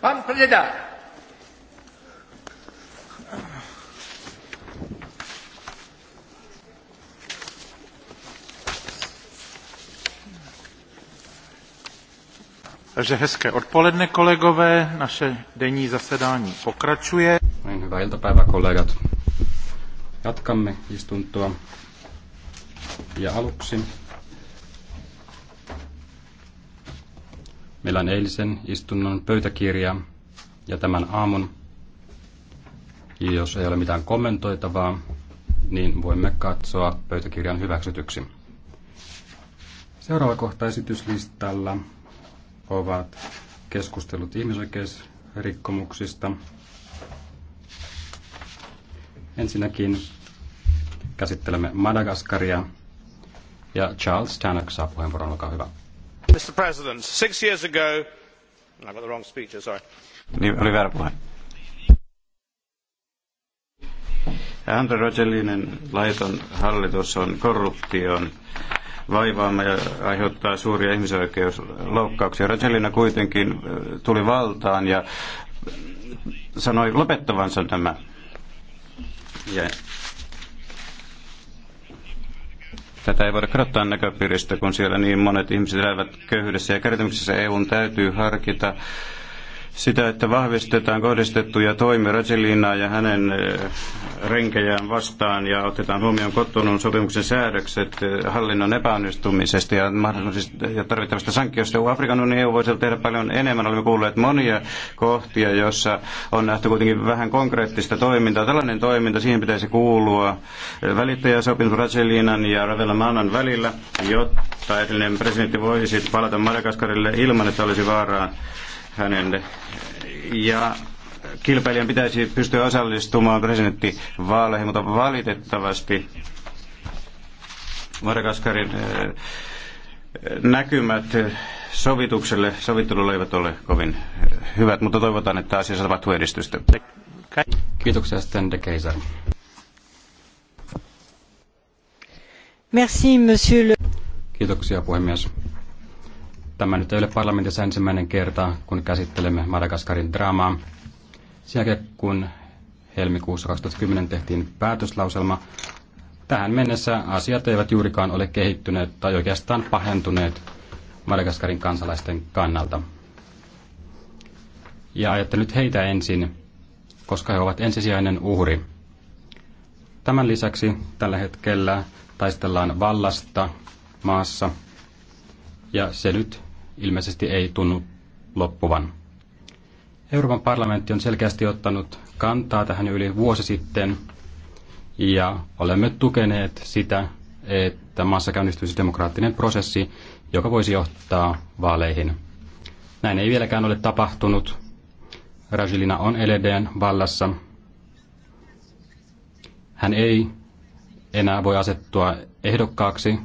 Pan Preda. Takže hezké odpoledne, kolegové. Naše denní zasedání pokračuje. Niin, hyvää iltapäivää, kollegat. Jatkamme istuntoa. Ja aluksi Meillä on eilisen istunnon pöytäkirja ja tämän aamun. Ja jos ei ole mitään kommentoitavaa, niin voimme katsoa pöytäkirjan hyväksytyksi. Seuraava kohta esityslistalla ovat keskustelut ihmisoikeusrikkomuksista. Ensinnäkin käsittelemme Madagaskaria ja Charles Tannock saa puheenvuoron, olkaa hyvä mr president six years ago i got niin, laiton hallitus on korruption vaivaama ja aiheuttaa suuria ihmisoikeusloukkauksia. rajoelina kuitenkin tuli valtaan ja sanoi lopettavansa nämä. Ja Tätä ei voida katsoa näköpiiristä, kun siellä niin monet ihmiset elävät köyhyydessä ja kärsimyksessä. EUn täytyy harkita sitä, että vahvistetaan kohdistettuja toimia Rajelinaa ja hänen eh, renkejään vastaan ja otetaan huomioon kotonun sopimuksen säädökset eh, hallinnon epäonnistumisesta ja, mahdollisista ja tarvittavista sanktioista. Afrikan unioni EU voisi tehdä paljon enemmän. Olemme kuulleet monia kohtia, joissa on nähty kuitenkin vähän konkreettista toimintaa. Tällainen toiminta, siihen pitäisi kuulua eh, välittäjäsopimus Rajelinan ja Ravella Maanan välillä, jotta edellinen presidentti voisi palata Madagaskarille ilman, että olisi vaaraa hänen ja kilpailijan pitäisi pystyä osallistumaan presidenttivaaleihin, mutta valitettavasti Madagaskarin eh, näkymät sovitukselle, sovittelulle eivät ole kovin eh, hyvät, mutta toivotaan, että asia saa edistystä. Kiitoksia, Sten de Keiser. Merci, monsieur le... Kiitoksia, puhemies. Tämä nyt ei ole parlamentissa ensimmäinen kerta, kun käsittelemme Madagaskarin draamaa. Sen jälkeen, kun helmikuussa 2010 tehtiin päätöslauselma, tähän mennessä asiat eivät juurikaan ole kehittyneet tai oikeastaan pahentuneet Madagaskarin kansalaisten kannalta. Ja ajattelen nyt heitä ensin, koska he ovat ensisijainen uhri. Tämän lisäksi tällä hetkellä taistellaan vallasta maassa, ja se nyt ilmeisesti ei tunnu loppuvan. Euroopan parlamentti on selkeästi ottanut kantaa tähän yli vuosi sitten ja olemme tukeneet sitä, että maassa käynnistyisi demokraattinen prosessi, joka voisi johtaa vaaleihin. Näin ei vieläkään ole tapahtunut. Rajilina on edelleen vallassa. Hän ei enää voi asettua ehdokkaaksi.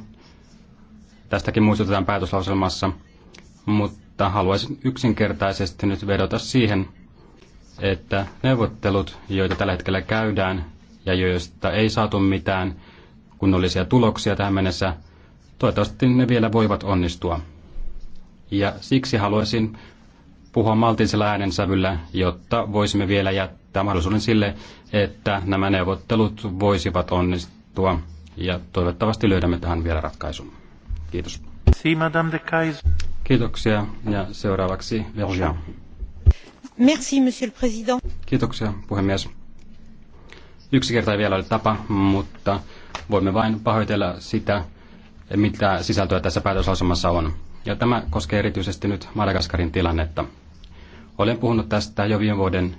Tästäkin muistutetaan päätöslauselmassa – mutta haluaisin yksinkertaisesti nyt vedota siihen, että neuvottelut, joita tällä hetkellä käydään ja joista ei saatu mitään kunnollisia tuloksia tähän mennessä, toivottavasti ne vielä voivat onnistua. Ja siksi haluaisin puhua maltillisella äänensävyllä, jotta voisimme vielä jättää mahdollisuuden sille, että nämä neuvottelut voisivat onnistua. Ja toivottavasti löydämme tähän vielä ratkaisun. Kiitos. Si, Madame de Kaiser. Kiitoksia ja seuraavaksi Verja. Merci, monsieur le président. Kiitoksia, puhemies. Yksi kerta ei vielä ole tapa, mutta voimme vain pahoitella sitä, mitä sisältöä tässä päätöslausumassa on. Ja tämä koskee erityisesti nyt Madagaskarin tilannetta. Olen puhunut tästä jo viime vuoden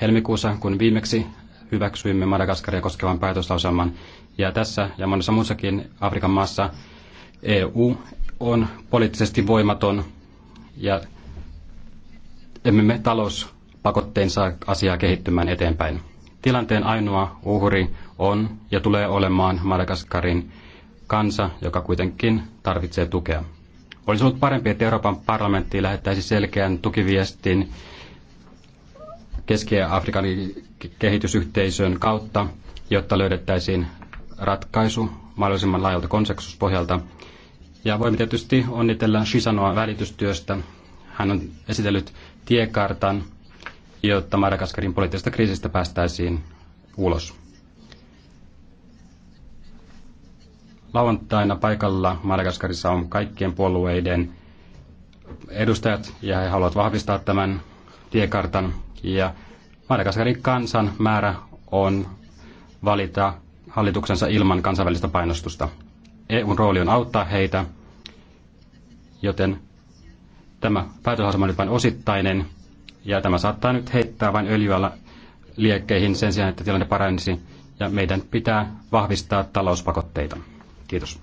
helmikuussa, kun viimeksi hyväksyimme Madagaskaria koskevan päätöslauselman. Ja tässä ja monessa muussakin Afrikan maassa EU on poliittisesti voimaton ja emme me talouspakottein saa asiaa kehittymään eteenpäin. Tilanteen ainoa uhri on ja tulee olemaan Madagaskarin kansa, joka kuitenkin tarvitsee tukea. Olisi ollut parempi, että Euroopan parlamentti lähettäisi selkeän tukiviestin Keski-Afrikan kehitysyhteisön kautta, jotta löydettäisiin ratkaisu mahdollisimman laajalta konsensuspohjalta ja voimme tietysti onnitella Shisanoa välitystyöstä. Hän on esitellyt tiekartan, jotta Madagaskarin poliittisesta kriisistä päästäisiin ulos. Lauantaina paikalla Madagaskarissa on kaikkien puolueiden edustajat ja he haluavat vahvistaa tämän tiekartan. Ja Madagaskarin kansan määrä on valita hallituksensa ilman kansainvälistä painostusta. EUn rooli on auttaa heitä, joten tämä päätösasema oli vain osittainen, ja tämä saattaa nyt heittää vain öljyä liekkeihin sen sijaan, että tilanne paranisi, ja meidän pitää vahvistaa talouspakotteita. Kiitos.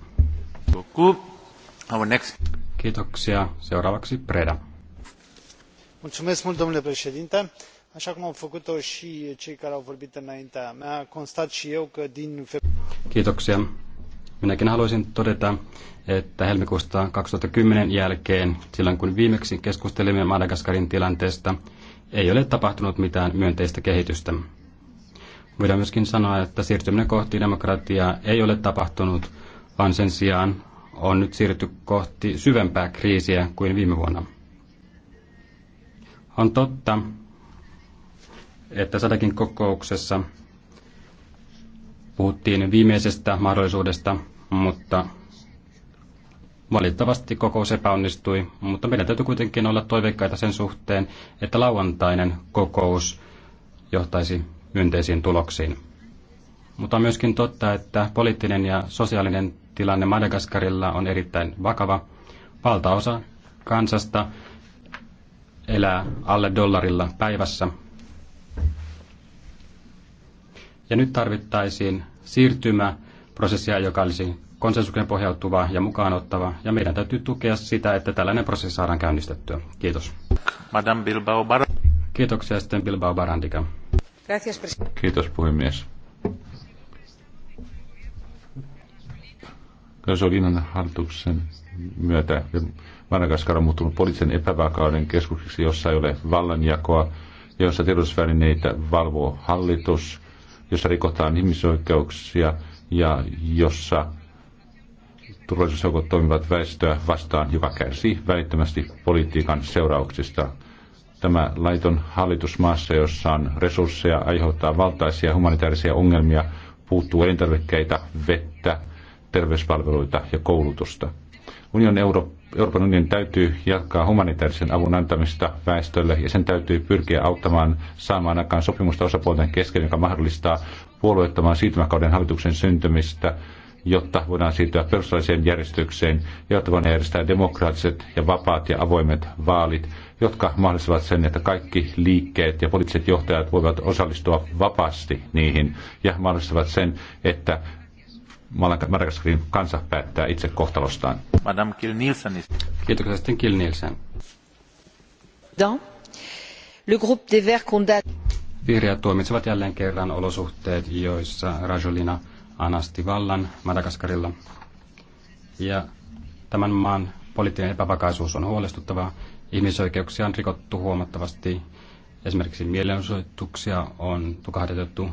Kiitoksia. Seuraavaksi Preda. Mulțumesc mult, domnule președinte. Așa cum au făcut-o și cei care au vorbit înaintea mea, constat și eu că din... Kiitoksia. Minäkin haluaisin todeta, että helmikuusta 2010 jälkeen, silloin kun viimeksi keskustelimme Madagaskarin tilanteesta, ei ole tapahtunut mitään myönteistä kehitystä. Voidaan myöskin sanoa, että siirtyminen kohti demokratiaa ei ole tapahtunut, vaan sen sijaan on nyt siirrytty kohti syvempää kriisiä kuin viime vuonna. On totta, että sadakin kokouksessa puhuttiin viimeisestä mahdollisuudesta mutta valitettavasti kokous epäonnistui, mutta meidän täytyy kuitenkin olla toiveikkaita sen suhteen, että lauantainen kokous johtaisi myönteisiin tuloksiin. Mutta on myöskin totta, että poliittinen ja sosiaalinen tilanne Madagaskarilla on erittäin vakava. Valtaosa kansasta elää alle dollarilla päivässä. Ja nyt tarvittaisiin siirtymä prosessia, joka olisi konsensuksen pohjautuva ja mukaanottava, ja meidän täytyy tukea sitä, että tällainen prosessi saadaan käynnistettyä. Kiitos. Madame Bilbao Bar- Kiitoksia sitten Bilbao Barandika. Kiitos puhemies. Gasolinan hallituksen myötä Madagaskar on muuttunut poliittisen epävakauden keskuksiksi, jossa ei ole vallanjakoa jossa tiedotusvälineitä valvoo hallitus, jossa rikotaan ihmisoikeuksia – ja jossa turvallisuusjoukot toimivat väestöä vastaan, joka kärsii välittömästi politiikan seurauksista. Tämä laiton hallitus maassa, jossa on resursseja, aiheuttaa valtaisia humanitaarisia ongelmia, puuttuu elintarvikkeita, vettä, terveyspalveluita ja koulutusta. Union Euro- Euroopan unionin täytyy jatkaa humanitaarisen avun antamista väestölle ja sen täytyy pyrkiä auttamaan saamaan aikaan sopimusta osapuolten kesken, joka mahdollistaa puolueettoman siirtymäkauden hallituksen syntymistä, jotta voidaan siirtyä perustalliseen järjestykseen, jotta voidaan järjestää demokraattiset ja vapaat ja avoimet vaalit, jotka mahdollistavat sen, että kaikki liikkeet ja poliittiset johtajat voivat osallistua vapaasti niihin ja mahdollistavat sen, että Madagaskarin kansa päättää itse kohtalostaan. Madame Kill Nielsen. Kiitoksia sitten Kill Nielsen. Le groupe des Verts condamne Vihreät tuomitsevat jälleen kerran olosuhteet, joissa Rajolina anasti vallan Madagaskarilla. Ja tämän maan poliittinen epävakaisuus on huolestuttavaa. Ihmisoikeuksia on rikottu huomattavasti. Esimerkiksi mielenosoituksia on tukahdetettu,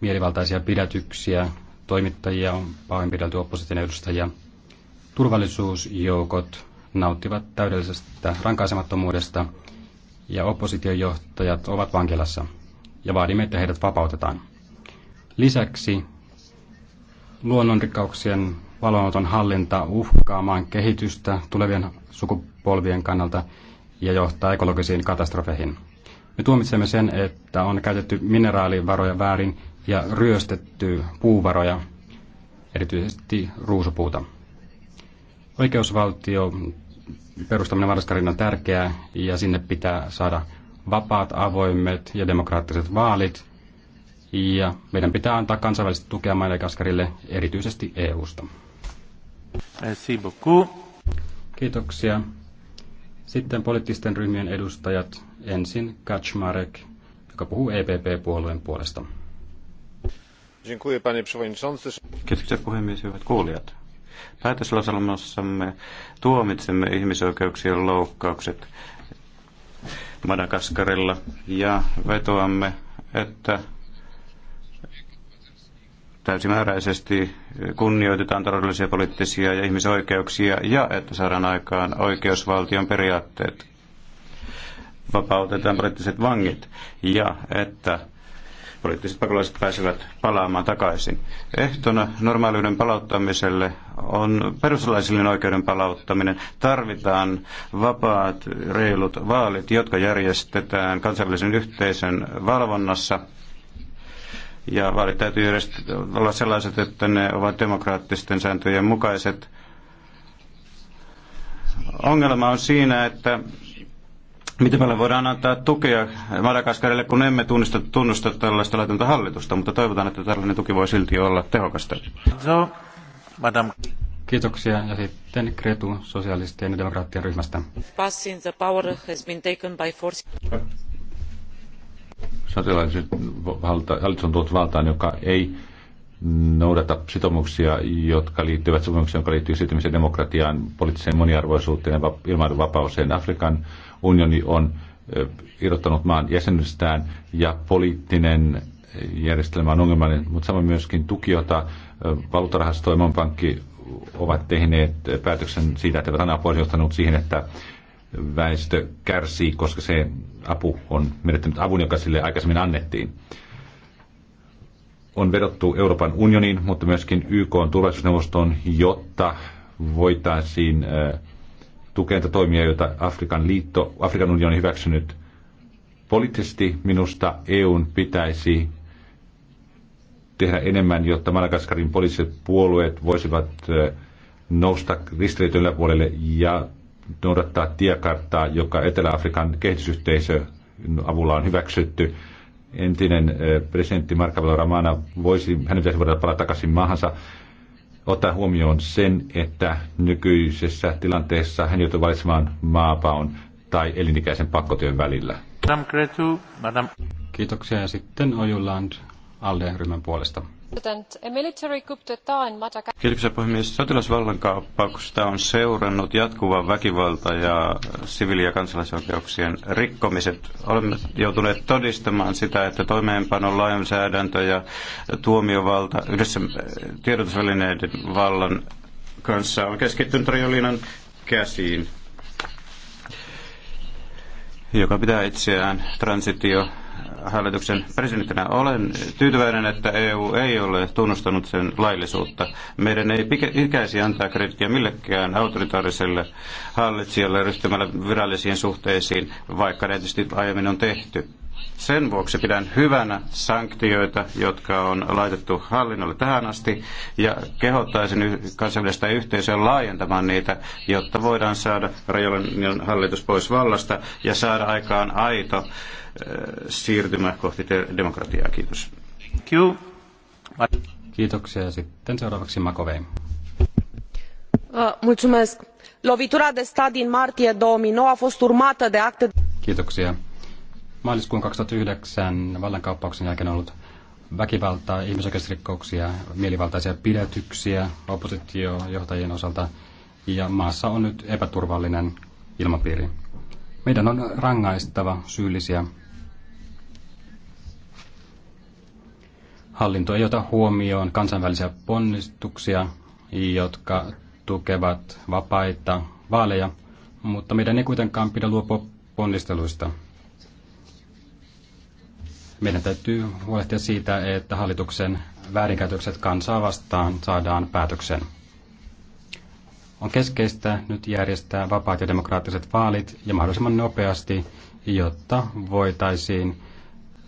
mielivaltaisia pidätyksiä, toimittajia on pahoinpidelty opposition edustajia. Turvallisuusjoukot nauttivat täydellisestä rankaisemattomuudesta ja oppositiojohtajat ovat vankilassa ja vaadimme, että heidät vapautetaan. Lisäksi luonnonrikkauksien valonoton hallinta uhkaamaan kehitystä tulevien sukupolvien kannalta ja johtaa ekologisiin katastrofeihin. Me tuomitsemme sen, että on käytetty mineraalivaroja väärin ja ryöstetty puuvaroja, erityisesti ruusupuuta. Oikeusvaltio perustaminen Varaskarin on tärkeää ja sinne pitää saada vapaat, avoimet ja demokraattiset vaalit. Ja meidän pitää antaa kansainvälistä tukea Madagaskarille, erityisesti EU-sta. Merci beaucoup. Kiitoksia. Sitten poliittisten ryhmien edustajat. Ensin Kaczmarek, joka puhuu EPP-puolueen puolesta. Kiitoksia puhemies, hyvät kuulijat. Päätöslauselmassamme tuomitsemme ihmisoikeuksien loukkaukset Madagaskarilla ja vetoamme, että täysimääräisesti kunnioitetaan taloudellisia, poliittisia ja ihmisoikeuksia ja että saadaan aikaan oikeusvaltion periaatteet. Vapautetaan poliittiset vangit ja että poliittiset pakolaiset pääsevät palaamaan takaisin. Ehtona normaaliuden palauttamiselle on perustuslaisellinen oikeuden palauttaminen. Tarvitaan vapaat, reilut vaalit, jotka järjestetään kansainvälisen yhteisön valvonnassa. Ja vaalit täytyy olla sellaiset, että ne ovat demokraattisten sääntöjen mukaiset. Ongelma on siinä, että Miten me voidaan antaa tukea Madagaskarille, kun emme tunnista, tunnusta tällaista laitonta hallitusta, mutta toivotaan, että tällainen tuki voi silti olla tehokasta. So, madam. Kiitoksia. Ja sitten Kretu sosialistien ja demokraattien ryhmästä. Sotilaalliset valta, hallitus on tuotu valtaan, joka ei noudata sitoumuksia, jotka liittyvät sopimuksiin, jotka liittyvät siirtymiseen demokratiaan, poliittiseen moniarvoisuuteen ja ilmailun Afrikan unioni on irrottanut maan jäsenystään ja poliittinen järjestelmä on ongelmallinen, mutta samoin myöskin tuki, jota valuutarahasto ja pankki ovat tehneet päätöksen siitä, että eivät anna apua, johtanut siihen, että väestö kärsii, koska se apu on menettänyt avun, joka sille aikaisemmin annettiin. On vedottu Euroopan unioniin, mutta myöskin YK on jotta voitaisiin äh, tukee toimia, joita Afrikan liitto, Afrikan unioni on hyväksynyt. Poliittisesti minusta EUn pitäisi tehdä enemmän, jotta Madagaskarin poliittiset puolueet voisivat nousta ristiriitojen yläpuolelle ja noudattaa tiekarttaa, joka Etelä-Afrikan kehitysyhteisö avulla on hyväksytty. Entinen presidentti Marka Ramana voisi, hänen pitäisi voida palata takaisin maahansa ottaa huomioon sen, että nykyisessä tilanteessa hän joutuu valitsemaan maapaon tai elinikäisen pakkotyön välillä. Madame Madame. Kiitoksia ja sitten Ojuland Alde-ryhmän puolesta. Kiitoksia puhemies. Sotilasvallankaappauksesta on seurannut jatkuva väkivalta ja siviili- ja kansalaisoikeuksien rikkomiset. Olemme joutuneet todistamaan sitä, että toimeenpanon lainsäädäntö ja tuomiovalta yhdessä eh, tiedotusvälineiden vallan kanssa on keskittynyt Riolinan käsiin, joka pitää itseään transitio hallituksen presidenttinä olen tyytyväinen, että EU ei ole tunnustanut sen laillisuutta. Meidän ei ikäisi antaa kritiikkiä millekään autoritaariselle hallitsijalle ryhtymällä virallisiin suhteisiin, vaikka ne tietysti aiemmin on tehty. Sen vuoksi pidän hyvänä sanktioita, jotka on laitettu hallinnolle tähän asti, ja kehottaisin kansainvälistä yhteisöä laajentamaan niitä, jotta voidaan saada rajojen hallitus pois vallasta ja saada aikaan aito Eh, siirtymä kohti demokratiaa. Kiitos. Kiitoksia. Sitten seuraavaksi Makovei. Uh, mulțumesc. Lovitura de stat din martie 2009 a fost urmată de acte... Kiitoksia. Maaliskuun 2009 vallankauppauksen jälkeen on ollut väkivaltaa, ihmisoikeusrikkouksia, mielivaltaisia pidätyksiä oppositiojohtajien osalta ja maassa on nyt epäturvallinen ilmapiiri. Meidän on rangaistava syyllisiä hallinto ei ota huomioon kansainvälisiä ponnistuksia, jotka tukevat vapaita vaaleja, mutta meidän ei kuitenkaan pidä luopua ponnisteluista. Meidän täytyy huolehtia siitä, että hallituksen väärinkäytökset kansaa vastaan saadaan päätöksen. On keskeistä nyt järjestää vapaat ja demokraattiset vaalit ja mahdollisimman nopeasti, jotta voitaisiin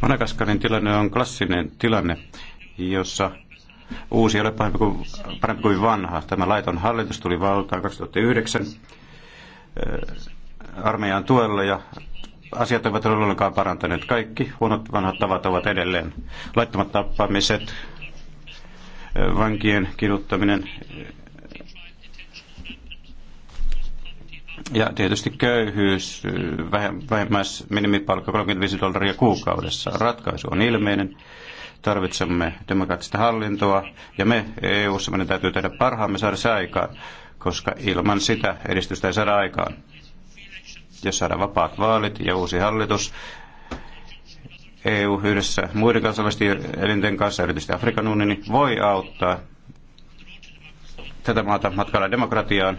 madagaskarin tilanne on klassinen tilanne jossa uusi ei ole parempi kuin vanha. Tämä laiton hallitus tuli valtaan 2009 äh, armeijan tuella ja asiat eivät ole ollenkaan parantaneet. Kaikki huonot vanhat tavat ovat edelleen. Laittomat tappamiset, äh, vankien kiduttaminen, Ja tietysti köyhyys, vähemmäs minimipalkka 35 dollaria kuukaudessa. Ratkaisu on ilmeinen. Tarvitsemme demokraattista hallintoa ja me EU-ssa meidän täytyy tehdä parhaamme saada se aikaan, koska ilman sitä edistystä ei saada aikaan. Jos saadaan vapaat vaalit ja uusi hallitus, EU yhdessä muiden kansallisten elinten kanssa, erityisesti Afrikan unioni, voi auttaa tätä maata matkalla demokratiaan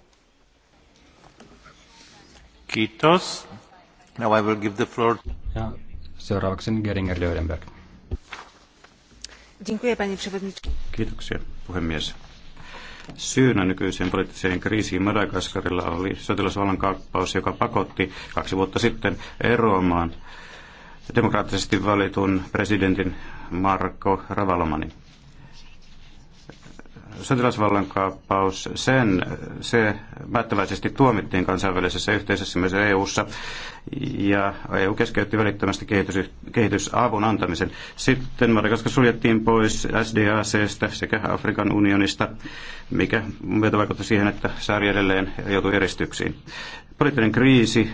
Kiitos. Now I will give Syy puhemies. Syynä nykyiseen poliittiseen kriisiin Madagaskarilla oli sotilasvallan kaappaus, joka pakotti kaksi vuotta sitten eroamaan demokraattisesti valitun presidentin Marco Ravalomani sotilasvallan kaappaus, sen, se päättäväisesti tuomittiin kansainvälisessä yhteisössä myös EU-ssa, ja EU keskeytti välittömästi kehitys, kehitysavun antamisen. Sitten Madagaskar suljettiin pois SDACstä sekä Afrikan unionista, mikä vaikuttaa siihen, että saari edelleen joutui eristyksiin poliittinen kriisi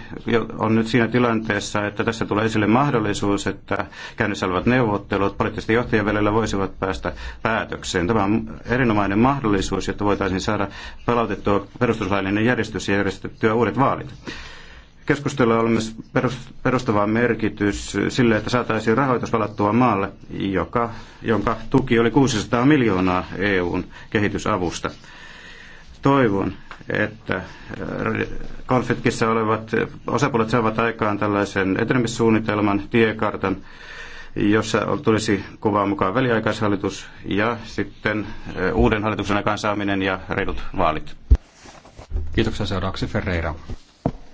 on nyt siinä tilanteessa, että tässä tulee esille mahdollisuus, että käynnissä olevat neuvottelut poliittisten johtajien välillä voisivat päästä päätökseen. Tämä on erinomainen mahdollisuus, jotta voitaisiin saada palautettua perustuslaillinen järjestys ja järjestettyä uudet vaalit. Keskustelu on myös perustava merkitys sille, että saataisiin rahoitus palattua maalle, joka, jonka tuki oli 600 miljoonaa EUn kehitysavusta. Toivon, että äh, konfliktissa olevat osapuolet saavat aikaan tällaisen etenemissuunnitelman, tiekartan, jossa tulisi kuvaan mukaan väliaikaishallitus ja sitten äh, uuden hallituksen saaminen ja reilut vaalit. Kiitoksia seuraavaksi Ferreira.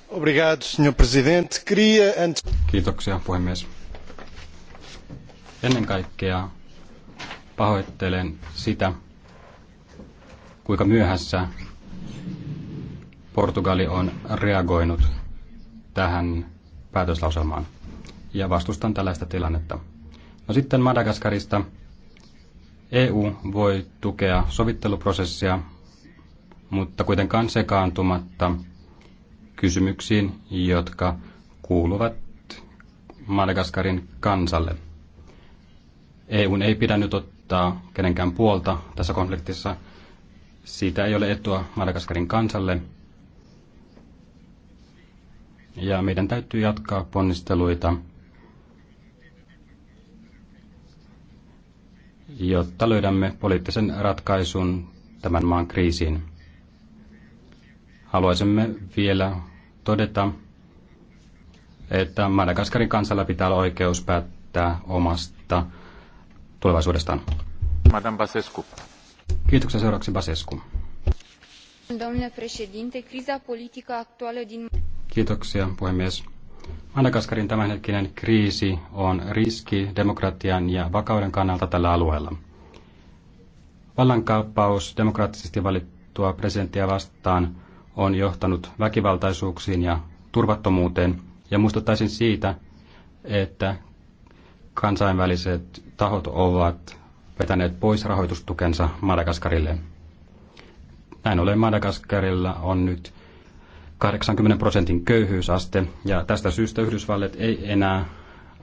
Obrigado, senhor presidente. Queria antes... Kiitoksia, puhemies. Ennen kaikkea pahoittelen sitä, kuinka myöhässä Portugali on reagoinut tähän päätöslauselmaan ja vastustan tällaista tilannetta. No sitten Madagaskarista. EU voi tukea sovitteluprosessia, mutta kuitenkaan sekaantumatta kysymyksiin, jotka kuuluvat Madagaskarin kansalle. EUn ei pidä nyt ottaa kenenkään puolta tässä konfliktissa. Siitä ei ole etua Madagaskarin kansalle ja meidän täytyy jatkaa ponnisteluita, jotta löydämme poliittisen ratkaisun tämän maan kriisiin. Haluaisimme vielä todeta, että Madagaskarin kansalla pitää olla oikeus päättää omasta tulevaisuudestaan. Madame Basescu. Kiitoksia seuraavaksi Basescu. Domnule președinte, criza politică actuală din Kiitoksia, puhemies. Madagaskarin tämänhetkinen kriisi on riski demokratian ja vakauden kannalta tällä alueella. Vallankaappaus demokraattisesti valittua presidenttiä vastaan on johtanut väkivaltaisuuksiin ja turvattomuuteen, ja muistuttaisin siitä, että kansainväliset tahot ovat vetäneet pois rahoitustukensa Madagaskarille. Näin ollen Madagaskarilla on nyt 80 prosentin köyhyysaste, ja tästä syystä Yhdysvallat ei enää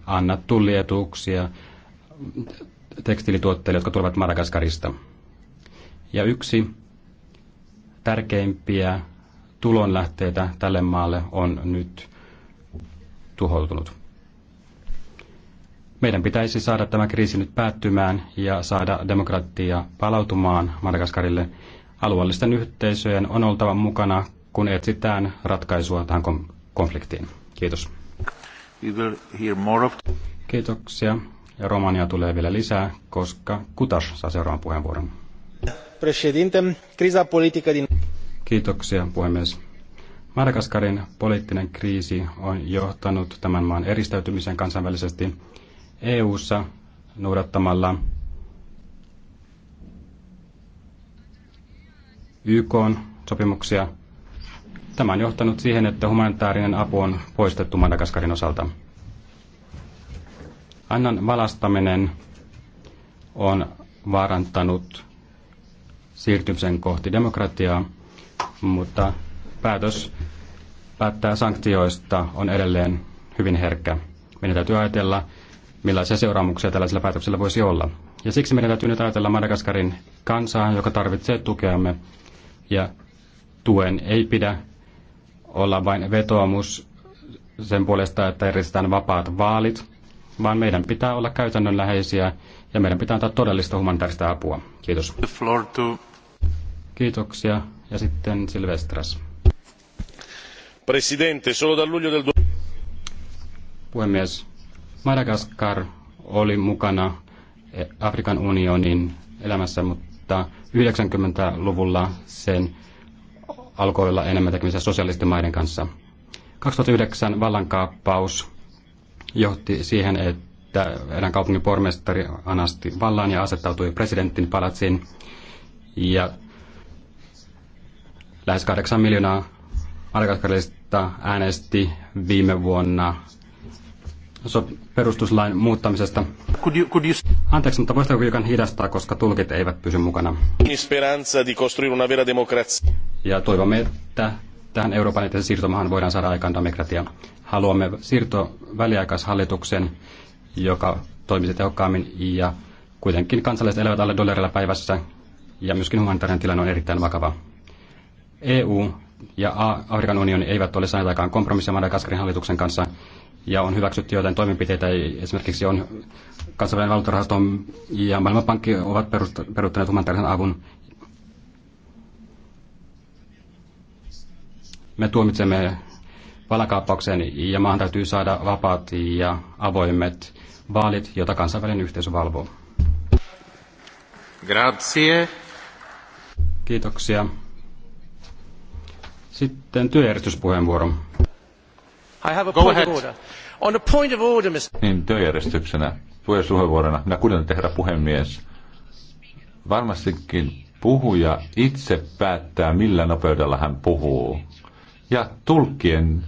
anna tullietuuksia tekstiilituotteille, jotka tulevat Madagaskarista. Ja yksi tärkeimpiä tulonlähteitä tälle maalle on nyt tuhoutunut. Meidän pitäisi saada tämä kriisi nyt päättymään ja saada demokratia palautumaan Madagaskarille. Alueellisten yhteisöjen on oltava mukana kun etsitään ratkaisua tähän konfliktiin. Kiitos. Kiitoksia. Ja Romania tulee vielä lisää, koska Kutas saa seuraavan puheenvuoron. Kiitoksia, puhemies. Madagaskarin poliittinen kriisi on johtanut tämän maan eristäytymiseen kansainvälisesti EU-ssa noudattamalla YK sopimuksia Tämä on johtanut siihen, että humanitaarinen apu on poistettu Madagaskarin osalta. Annan valastaminen on vaarantanut siirtymisen kohti demokratiaa, mutta päätös päättää sanktioista on edelleen hyvin herkkä. Meidän täytyy ajatella, millaisia seuraamuksia tällaisilla päätöksillä voisi olla. Ja siksi meidän täytyy nyt ajatella Madagaskarin kansaa, joka tarvitsee tukeamme. Ja tuen ei pidä olla vain vetoomus sen puolesta, että järjestetään vapaat vaalit, vaan meidän pitää olla käytännönläheisiä ja meidän pitää antaa todellista humanitaarista apua. Kiitos. Kiitoksia. Ja sitten Silvestras. Presidente, solo dal luglio del... Puhemies, Madagaskar oli mukana eh, Afrikan unionin elämässä, mutta 90-luvulla sen alkoi olla enemmän tekemisiä sosiaalisten maiden kanssa. 2009 vallankaappaus johti siihen, että erään kaupungin pormestari anasti vallan ja asettautui presidentin palatsiin. Ja lähes 8 miljoonaa alkaiskarjallista äänesti viime vuonna perustuslain muuttamisesta. Could you, could you... Anteeksi, mutta voisitko hiukan hidastaa, koska tulkit eivät pysy mukana. Speranza di costruire una vera democrazia. Ja toivomme, että tähän Euroopan eteisen siirtomahan voidaan saada aikaan demokratia. Haluamme siirtoa väliaikaishallituksen, joka toimisi tehokkaammin ja kuitenkin kansalaiset elävät alle dollarilla päivässä ja myöskin humanitaarinen tilanne on erittäin vakava. EU ja Afrikan unioni eivät ole saaneet aikaan kompromissia Madagaskarin hallituksen kanssa ja on hyväksytty joitain toimenpiteitä. Esimerkiksi on kansainvälinen valuuttarahasto ja Maailmanpankki ovat peruuttaneet humanitaarisen avun Me tuomitsemme valakaappauksen ja maahan täytyy saada vapaat ja avoimet vaalit, jota kansainvälinen yhteisö valvoo. Grazie. Kiitoksia. Sitten työjärjestyspuheenvuoro. I have a Go point ahead. of order. On a point of order, Mr. Niin, työjärjestyksenä, työjärjestyspuheenvuorona. Minä kuulen tehdä puhemies. Varmastikin puhuja itse päättää, millä nopeudella hän puhuu. Ja tulkkien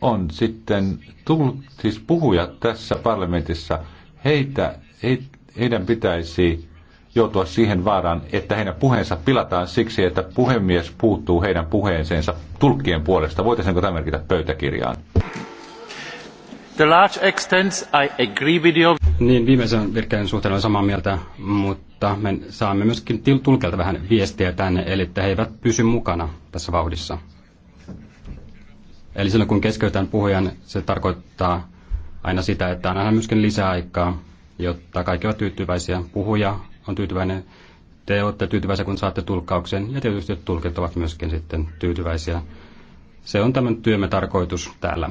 on sitten, tul, siis puhujat tässä parlamentissa, heitä, he, heidän pitäisi joutua siihen vaaraan, että heidän puheensa pilataan siksi, että puhemies puuttuu heidän puheeseensa tulkkien puolesta. Voitaisiinko tämä merkitä pöytäkirjaan? The large extent I agree with you. Niin, viimeisen virkeen suhteen olen samaa mieltä, mutta me saamme myöskin tulkelta vähän viestiä tänne, eli että he eivät pysy mukana tässä vauhdissa. Eli silloin kun keskeytän puhujan, se tarkoittaa aina sitä, että on aina myöskin lisäaikaa, jotta kaikki ovat tyytyväisiä. Puhuja on tyytyväinen, te olette tyytyväisiä, kun saatte tulkkauksen, ja tietysti tulkit ovat myöskin sitten tyytyväisiä. Se on tämän työmme tarkoitus täällä.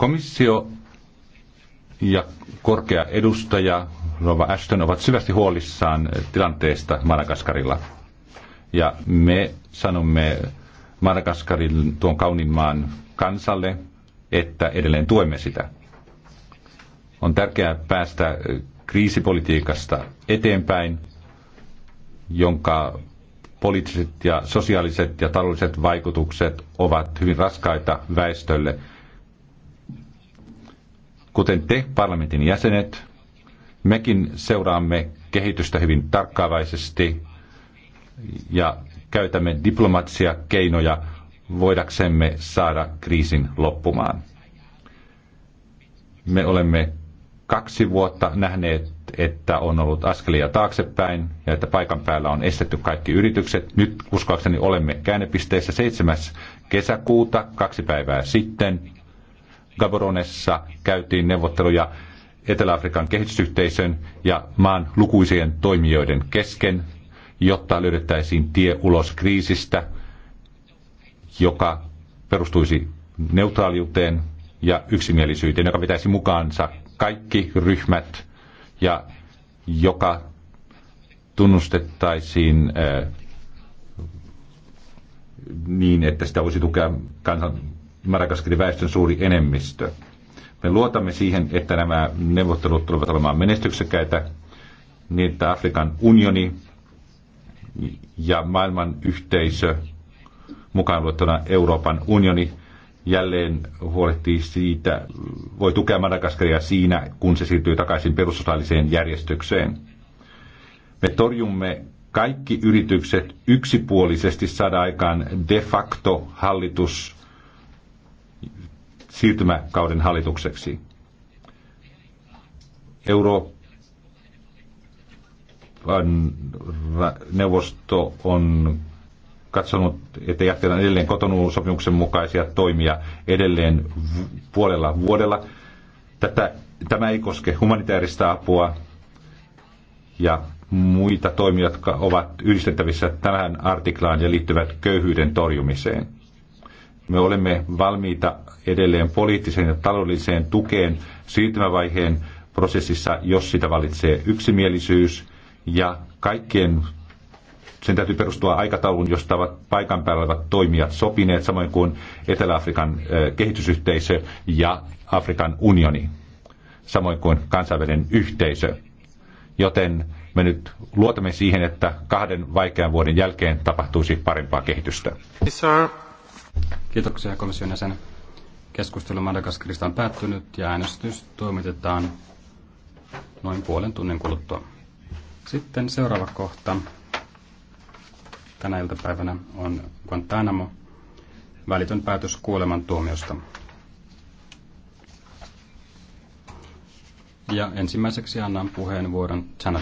Komissio ja korkea edustaja Rova Ashton ovat syvästi huolissaan tilanteesta Madagaskarilla. Ja me sanomme Madagaskarin tuon kaunin maan kansalle, että edelleen tuemme sitä. On tärkeää päästä kriisipolitiikasta eteenpäin, jonka poliittiset ja sosiaaliset ja taloudelliset vaikutukset ovat hyvin raskaita väestölle – Kuten te, parlamentin jäsenet, mekin seuraamme kehitystä hyvin tarkkaavaisesti ja käytämme diplomaattisia keinoja voidaksemme saada kriisin loppumaan. Me olemme kaksi vuotta nähneet, että on ollut askelia taaksepäin ja että paikan päällä on estetty kaikki yritykset. Nyt uskoakseni olemme käännepisteessä 7. kesäkuuta, kaksi päivää sitten. Gaboronessa käytiin neuvotteluja Etelä-Afrikan kehitysyhteisön ja maan lukuisien toimijoiden kesken, jotta löydettäisiin tie ulos kriisistä, joka perustuisi neutraaliuteen ja yksimielisyyteen, joka pitäisi mukaansa kaikki ryhmät ja joka tunnustettaisiin äh, niin, että sitä voisi tukea kansan, Madagaskarin väestön suuri enemmistö. Me luotamme siihen, että nämä neuvottelut tulevat olemaan menestyksekkäitä, niin että Afrikan unioni ja maailman yhteisö, mukaan luettuna Euroopan unioni, jälleen huolehtii siitä, voi tukea Madagaskaria siinä, kun se siirtyy takaisin perustuslailliseen järjestykseen. Me torjumme kaikki yritykset yksipuolisesti saada aikaan de facto hallitus siirtymäkauden hallitukseksi. Euroopan neuvosto on katsonut, että jatketaan edelleen kotonuusopimuksen mukaisia toimia edelleen puolella vuodella. Tätä, tämä ei koske humanitaarista apua ja muita toimia, jotka ovat yhdistettävissä tähän artiklaan ja liittyvät köyhyyden torjumiseen. Me olemme valmiita edelleen poliittiseen ja taloudelliseen tukeen siirtymävaiheen prosessissa, jos sitä valitsee yksimielisyys. Ja kaikkien sen täytyy perustua aikataulun, josta ovat paikan päällä olevat toimijat sopineet, samoin kuin Etelä-Afrikan eh, kehitysyhteisö ja Afrikan unioni, samoin kuin kansainvälinen yhteisö. Joten me nyt luotamme siihen, että kahden vaikean vuoden jälkeen tapahtuisi parempaa kehitystä. Yes, Kiitoksia komission jäsen. Keskustelu Madagaskarista on päättynyt ja äänestys toimitetaan noin puolen tunnin kuluttua. Sitten seuraava kohta tänä iltapäivänä on Guantanamo, välitön päätös kuoleman tuomiosta. Ja ensimmäiseksi annan puheenvuoron Channel